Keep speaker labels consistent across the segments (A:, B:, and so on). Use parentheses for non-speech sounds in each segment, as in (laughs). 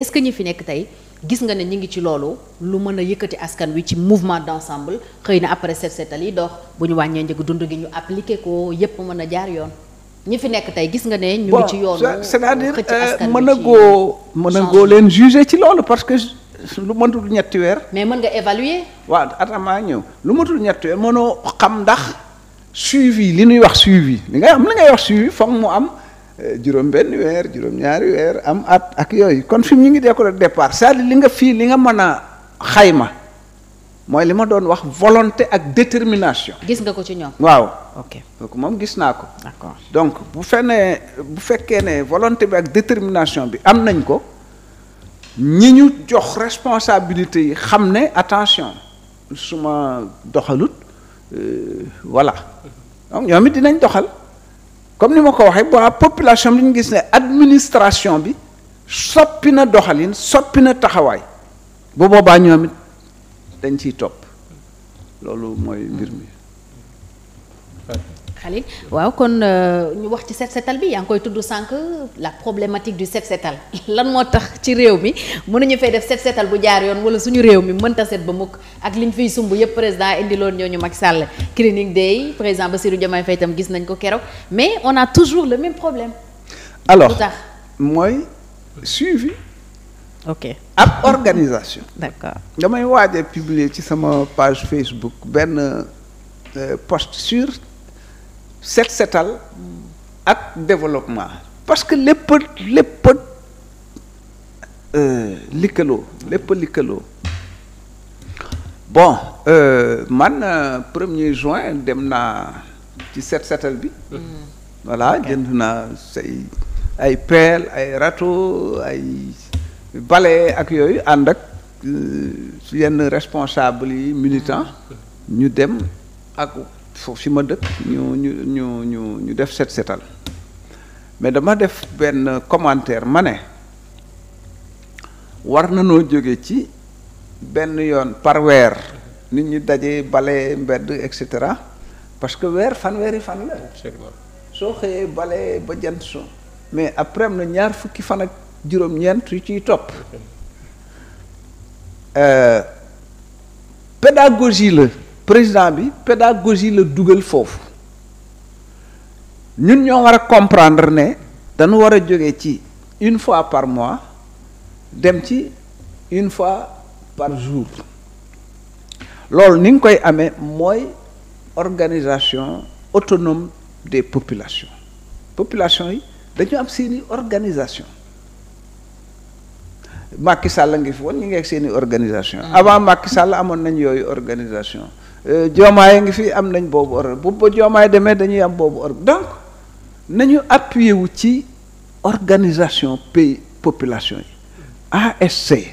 A: est-ce que ñi fi nekk tey gis nga ne ñu ngi ci loolu lu mën a yëkkati askan wi ci mouvement d'ensemble xëy na après set setal yi dox bu ñu wàññee njëgu dund gi ñu appliqué ko yépp mën a jaar yoon ñi fi nekk tey gis nga ne. ñu ngi ci yoonu
B: c'est-à-dire euh, mën a goo mën a goo leen juger ci loolu parce que lu matul ñetti weer.
A: mais mën nga évaluer.
B: waaw atama ñëw lu matul ñetti weer mënoo xam ndax suivi li ñuy wax suivi li ngay xam li ngay wax suivi foog mu am. juróom benn weer juróom ñaari weer am at ak yooyu kon fi ñu ngi dee ko rek départ cest à li nga fii li nga mën a xayma mooy li ma doon wax volonté ak détermination.
A: gis nga ko ci ñoom.
B: waaw ok moom gis naa ko. d'accord donc bu fenee bu fekkee ne volonté bi ak détermination bi am nañ ko ñi ñu jox responsabilité yi xam ne attention su ma doxalut euh, voilà donc dinañ doxal. comme ni ma ko waxee waa population bi ñu gis ne administration bi soppi na doxalin soppi na taxawaay bu boobaa ñoom it dañ ciy topp loolu mooy mbir mi.
A: Khalil waaw kon euh, ñu wax ci set setal bi yaa ngi koy tudd sànq la problématique du set setal (laughs) lan moo tax ci réew mi mun nañu fee def set setal bu jaar yoon wala suñu réew mi mënta set ba mukk ak liñ fiy sumb yëpp président indiloon ñooñu Macky Sall clinique day président Bassirou Diomaye fay tam gis nañ ko keroog mais on a toujours le même problème.
B: alors lu tax mooy suivi. ok ab
A: organisation.
B: d'accord damay waaj a publier ci sama page Facebook benn euh, post sur. set setal ak développement parce que lépp lépp euh, likkaloo lépp likkaloo bon euh, man euh, premier juin dem naa ci set setal bi mm. voilà jënd naa say ay pelle ay râteau ay balai ak yooyu ànd ak yenn responsable yi militant mm. ñu dem ak foofu fi ma dëkk ñu ñu ñu ñu ñu def set setal mais dama def benn commentaire ma ne war na noo jóge ci benn yoon par weer nit ñu daje bale mbedd et cetera parce que weer fanweeri fan la soo xëyee bale ba jant so mais après am na ñaar fukki fan ak juróom-ñeent yu ciy topp euh, pédagogie la président bi pédagogie la dugal foofu ñun ñoo war a comprendre ne dañu war a jóge ci une fois par mois dem ci une fois par jour loolu ni nga koy amee mooy organisation autonome des population population yi dañu am seeni organisation Macky Sall ngi fi woon ñu ngi ak seeni organisation mm. avant Macky Sall amoon nañ yooyu organisation joomaay euh, ngi fi am nañ boobu ordre bu ba joomaay demee dañuy am boobu ordre donc nañu appuyé wu ci organisation pays population yi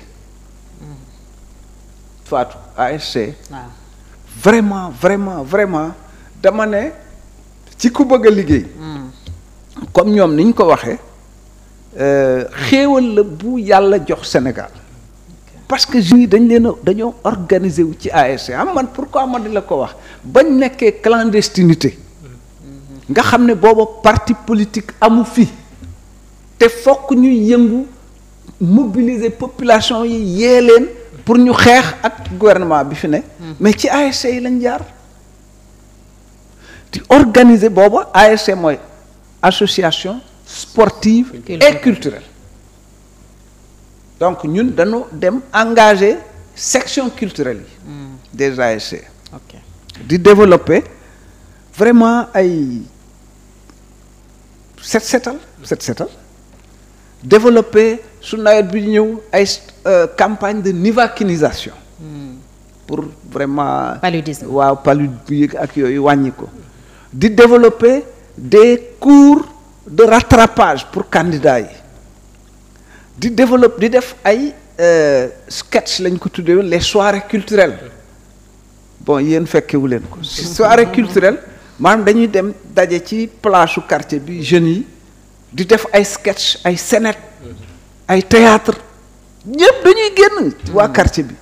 B: ASC vraiment vraiment vraiment dama ne ci ku bëgg a liggéey
A: mm.
B: comme ñoom ni ñu ko waxee euh, xéewal la bu yàlla jox Sénégal parce que jeunes yi dañ leen dañoo organiser wu ci ASC am man pour pourquoi man di la ko wax bañ nekkee clandestinité nga xam ne booba parti politique amu fi te fokk ñuy yëngu mobiliser population yi yee leen pour ñu xeex ak gouvernement bi fi ne hmm. mais ci ASC yi lañ jaar di organiser booba ASC mooy association sportive et culturelle donc ñun dañu dem engagé section culturelle yi. Mm. des ASC. di développer vraiment ay set setal set setal développer su nawet bi ñëw ay euh, campagne de nivaquinisation. Mm. pour vraiment. paludisme waaw paludisme ak yooyu wàññi di développer des cours de rattrapage pour candidats yi. di développe di def ay euh, sketch lañ ko tuddee les soirées culturelles bon yéen fekkewu leen ko soirée culturelle maanaam dañuy dem daje ci plage quartier bi jeunes yi di def ay sketch ay scénette ay théâtre ñëpp dañuy génn waa quartier bi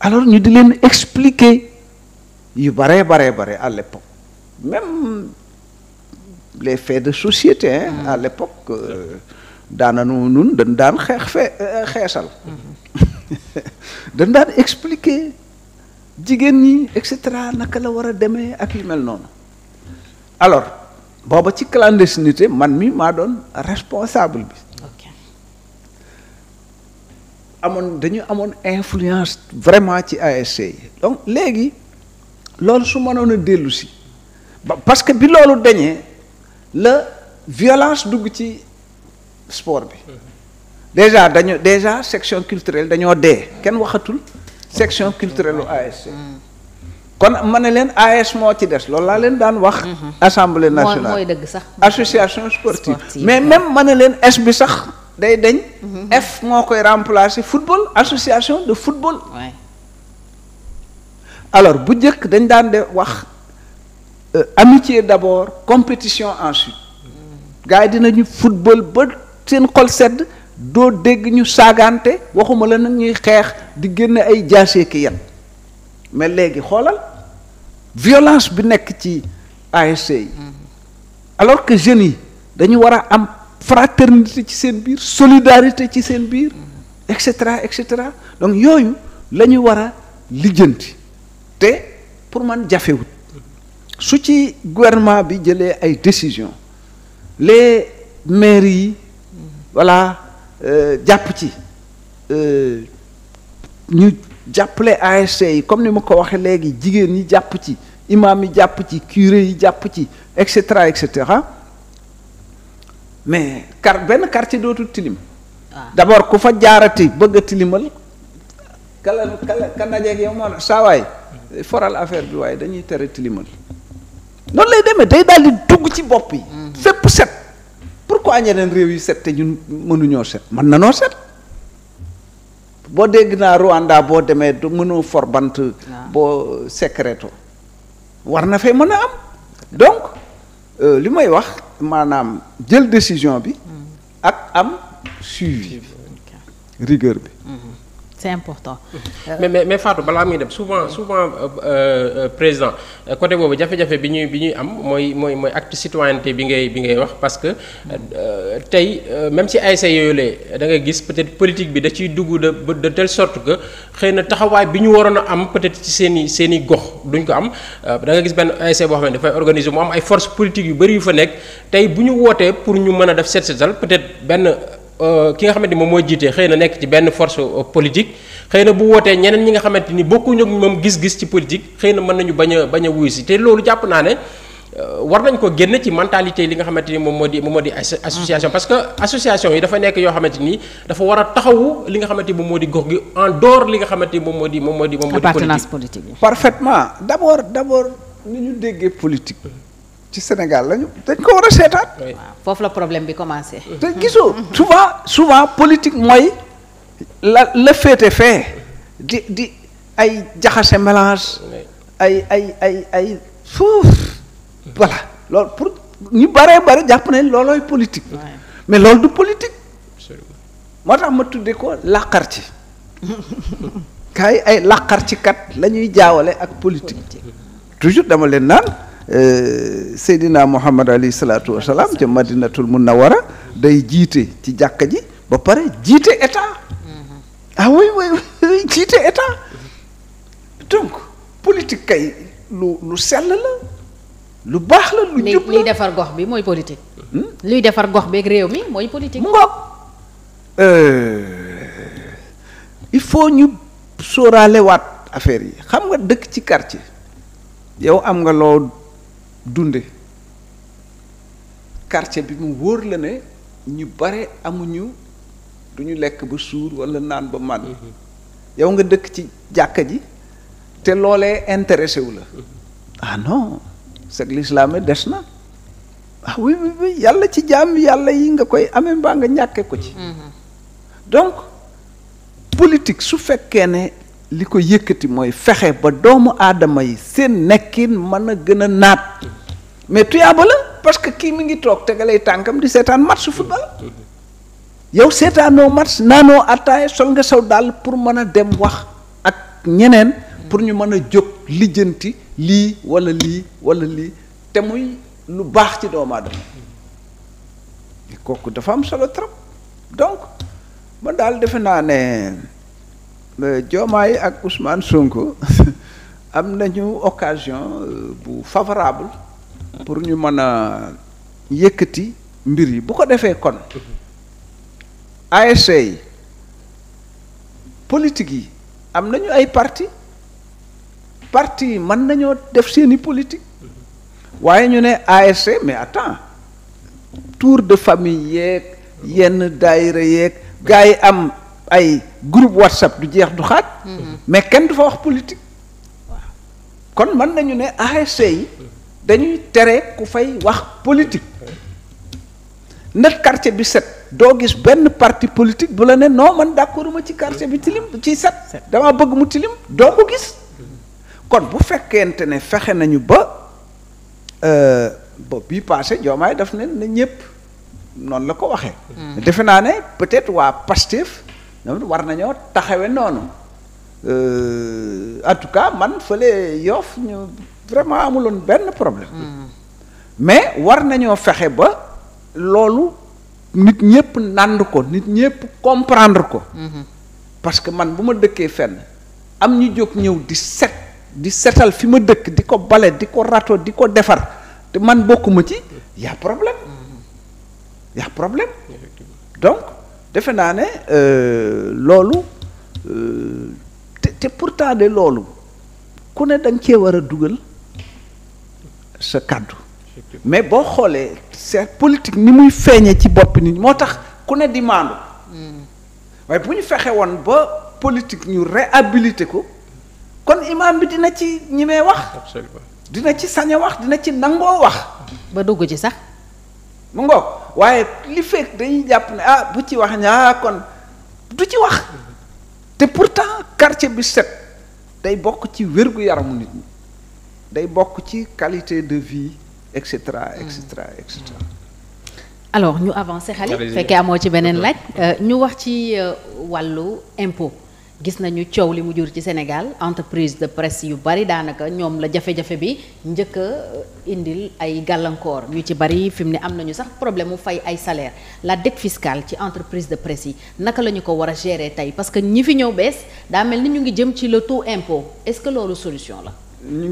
B: alors ñu di leen expliquer yu baree baree bare à l'époque même les faits de société hein, à l'époque euh, daananu nun dañ daan xeex fee euh, xeesal
A: mm-hmm.
B: (laughs) dañ daan expliquer jigéen ñi et naka la war a demee ak yu mel noonu alors booba ci clandestinité man mi maa doon responsable bi amoon dañu amoon influence vraiment ci ASC yi donc léegi loolu su mënoon a dellu si que bi loolu dañee la violence dugg ci sport bi déjà dañu déjà section culturelle dañoo dee kenn waxatul section culturelle ASC kon ma ne leen AS moo ci des loolu laa leen daan wax. Mhm. assemblée nationale mooy dëgg sax. association sportive mais même ma ne leen S bi sax day dañ. Mhm. F moo koy remplacer football association de football. alors bu njëkk dañ daan de wax euh, amitié d'abord compétition ensuite. Mhm. gars yi dinañu football ba. seen xol sedd doo dégg ñu saagaante waxuma la nag ñuy xeex di génn ay jaasee ki yan mais léegi xoolal violence bi nekk ci ASC yi mm-hmm. alors que jeunes yi dañu war a am fraternité ci seen biir solidarité ci seen biir mm-hmm. et cetera et cetera donc yooyu la ñu war a lijjanti te pour man jafewut su ci gouvernement bi jëlee ay décisions les maires yi voilà euh, jàpp ci euh, ñu jàppale ASC yi comme ni ma ko waxee léegi jigéen ñi jàpp ci imaam yi jàpp ci curé yi jàpp ci et cetera et cetera mais car benn quartier dootul tilim. Ah. d'abord ku fa jaarati bëgg a tilimal. kala kala kan yow moo saa waay foral affaire bi waaye dañuy tere tilimal. noonu lay demee day daal dugg ci bopp yi. Mm-hmm. fépp set. pourquoi ñeneen réew yu set te ñun mënuñoo set mën na noo set boo dégg naa Rwanda boo demee du mënoo for bant ah. boo secreto war na fay mën a am donc euh, li may wax maanaam jël décision bi hmm. ak am suivi rigueur
A: bi hmm. c'est important. Euh,
B: mais mais mais Fatou balaa muy dem souvent souvent euh, euh, président côté boobu jafe-jafe bi ñuy bi ñuy am mooy mooy mooy acte citoyenneté bi ngay bi ngay wax parce que tey même si ASC yooyu la da nga gis peut-être politique bi da ciy dugg de de telle que xëy na taxawaay bi ñu waroon a am peut-être ci seen i seen i gox duñ ko am da nga gis benn ASC boo xam ne dafay organiser mu am ay force politiques yu bëri yu fa nekk tey bu ñu wootee pour ñu mën a def set setal peut-être benn. Euh, ki nga xamante ni moom mooy jiite xëy na nekk ci benn force euh, politique xëy na bu wootee ñeneen ñi nga xamante ni bokkuñu ak moom gis-gis ci politique xëy na mën nañu bañ a bañ a wuyu si te loolu jàpp naa ne euh, war nañ ko génn ci mentalité li nga xamante ni moom moo di moom moo di association parce que association yi dafa nekk yoo xamante ni dafa war a taxawu li nga xamante moom moo di gox gi en dehors li nga xamante ni moom moo di moom moo di moom moo di politique parfaitement d'abord d'abord ni ñu déggee politique ci Sénégal lañu dañ ko war a seetaat.
A: foofu la problème bi commencé. te gisoo
B: souvent souvent politique mooy la la féete fee di di ay jaxase mélange ay ay ay ay suuf voilà loolu pour ñu baree bare jàpp nañ loolooy politique. mais loolu du politique. moo tax ma tudde ko làqar ci (laughs) kaay ay làqar ci kat la ñuy jaawale ak politique toujours dama leen naan. Euh, Seydina Muhammad alayhi salaatu wa salaam ca Madinatul Munawara day jiite ci jàkka ji ba pare jiite état
A: mm-hmm. ah oui oui jiite état donc politique kay lu lu sell la lu baax la lu jub la luy defar gox bi mooy politique. Hmm? luy defar gox beeg réew mi mooy politique. mu ngoog
B: euh, il faut ñu sóoraalewaat affaire yi xam nga dëkk ci quartier yow am nga loo. dunde quartier bi mu wóor la ne ñu bare amuñu du ñu lekk ba suur walla naan ba mànn mhm. yow nga dëkk ci jàkka ji te loolee intéressé wu la mhm. ah non c'est que des na ah oui oui oui yàlla ci jaam yàlla yi nga koy amee mbaa nga ñàkke ko ci mhm. donc politique su fekkee ne li ko yëkkati mooy fexe ba doomu aadama yi seen nekkin mën a gën a naat mais tuyaaba la parce que kii mi ngi toog tegalay tànkam di seetaan match football yow seetaanoo match naanoo attaaya sol nga saw daal pour mën a dem wax ak ñeneen pour ñu mën a jóg lijjanti lii walla lii walla lii te muy lu baax ci doomu aadama kooku dafa am solo trop donc ma daal defe naa ne Euh, Diomaye ak Ousmane Sonko (laughs) am nañu occasion euh, bu favorable pour ñu mën a yëkkati mbir yi bu ko defee kon ASC yi politique yi am nañu ay parti parti yi mën nañoo def seeni politique waaye ñu ne ASC mais attends tour de famille yeeg yenn daayira yeeg gars yi am ay groupe whatsapp du jeex du xaaj mhm. mais kenn du fa wax politique kon mën nañu ne ASC yi dañuy tere ku fay wax politique ndax quartier bi set doo gis benn parti politique bu la ne non man d'accord ma ci quartier bi tilim ci set dama bëgg mu tilim doo ko gis kon bu fekkente ne fexe nañu ba euh, ba bii passé joomaay daf ne na ñëpp noonu la ko waxee hmm. defe naa ne peut waa Pastef ñoom war nañoo taxawe noonu euh, en tout cas man fële yoof ñu vraiment amuloon benn problème hmm. mais war nañoo fexe ba loolu nit ñëpp nànd ko nit ñëpp comprendre ko hmm. parce que man bu ma dëkkee fenn am ñu jóg ñëw di set di setal fi ma dëkk di ko bale di ko rato di ko defar te man bokkuma ci y problème hmm. y problème donc defe naa ne euh, loolu euh, te te pourtant de loolu ku ne da cee war a dugal sa kàddu mais boo xoolee sa politique ni muy feeñee ci bopp nit moo tax ku ne di hmm. waaye bu ñu fexe woon ba politique ñu réhabilité ko kon imaam bi dina ci ñimee wax dina ci sañ a wax dina ci nangoo wax ba dugg ci sax mu ngoog waaye li fekk dañuy jàpp ne ah bu ci wax ñaa kon du ci wax te pourtant quartier bi set day bokk ci wér-gu-yaramu nit ñi day bokk ci qualité de vie et cetera et hmm.
A: alors ñu avancer xale fekkee amoo ci beneen laaj euh, ñu wax ci euh, wàllu impo gis nañu coow li mu jur ci Sénégal entreprise de press yu bari daanaka ñoom la jafe-jafe bi njëkk a indil ay gàllankoor ñu ci bari fi mu ne am nañu sax problème mu fay ay salaire la dette fiscale ci entreprise de presse yi naka la ñu ko war a gérer tey parce que ñi fi ñëw bees daa mel ni ñu ngi jëm ci le tout impôt est-ce que loolu solution la.